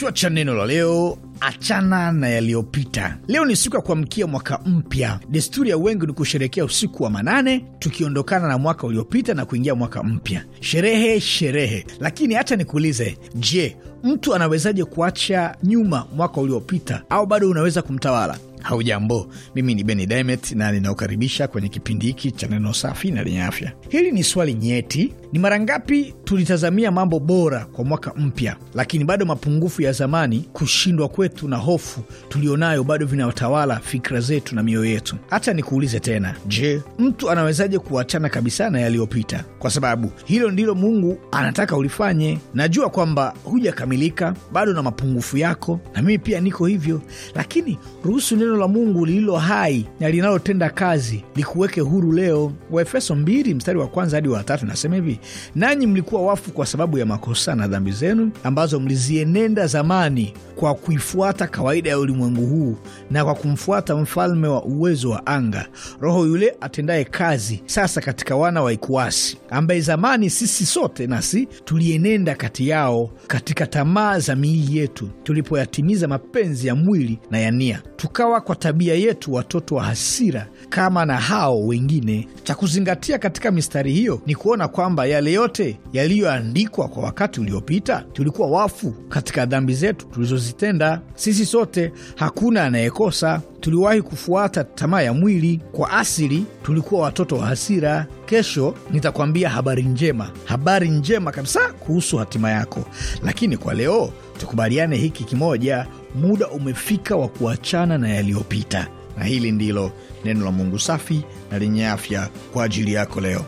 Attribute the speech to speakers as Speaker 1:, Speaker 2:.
Speaker 1: Kichwa cha neno la leo Achana na yaliyopita. Leo ni siku ya kuamkia mwaka mpya. Desturi ya wengi ni kusherekea usiku wa manane, tukiondokana na mwaka uliopita na kuingia mwaka mpya. Sherehe sherehe, lakini hata nikuulize, je, mtu anawezaje kuacha nyuma mwaka uliopita? Au bado unaweza kumtawala? Haujambo, mimi ni Beni Dimet na ninaokaribisha kwenye kipindi hiki cha neno safi na lenye afya. Hili ni swali nyeti: ni mara ngapi tulitazamia mambo bora kwa mwaka mpya, lakini bado mapungufu ya zamani, kushindwa kwetu na hofu tulionayo bado vinatawala fikra zetu na mioyo yetu? Hata nikuulize tena, je, mtu anawezaje kuachana kabisa na yaliyopita? Kwa sababu hilo ndilo Mungu anataka ulifanye. Najua kwamba hujakamilika bado na mapungufu yako, na mimi pia niko hivyo, lakini ruhusu neno la Mungu lililo hai na linalotenda kazi likuweke huru leo. Waefeso 2 mstari wa kwanza hadi wa tatu nasema hivi: nanyi mlikuwa wafu kwa sababu ya makosa na dhambi zenu ambazo mlizienenda zamani kwa kuifuata kawaida ya ulimwengu huu na kwa kumfuata mfalme wa uwezo wa anga, roho yule atendaye kazi sasa katika wana wa ikuasi, ambaye zamani sisi sote nasi tulienenda kati yao katika tamaa za miili yetu, tulipoyatimiza mapenzi ya mwili na ya nia, tukawa kwa tabia yetu watoto wa hasira kama na hao wengine. Cha kuzingatia katika mistari hiyo ni kuona kwamba yale yote yaliyoandikwa kwa wakati uliopita, tulikuwa wafu katika dhambi zetu tulizozitenda. Sisi sote, hakuna anayekosa. Tuliwahi kufuata tamaa ya mwili, kwa asili tulikuwa watoto wa hasira. Kesho nitakwambia habari njema, habari njema kabisa kuhusu hatima yako, lakini kwa leo tukubaliane hiki kimoja muda umefika wa kuachana na yaliyopita. Na hili ndilo neno la Mungu safi na lenye afya kwa ajili yako leo.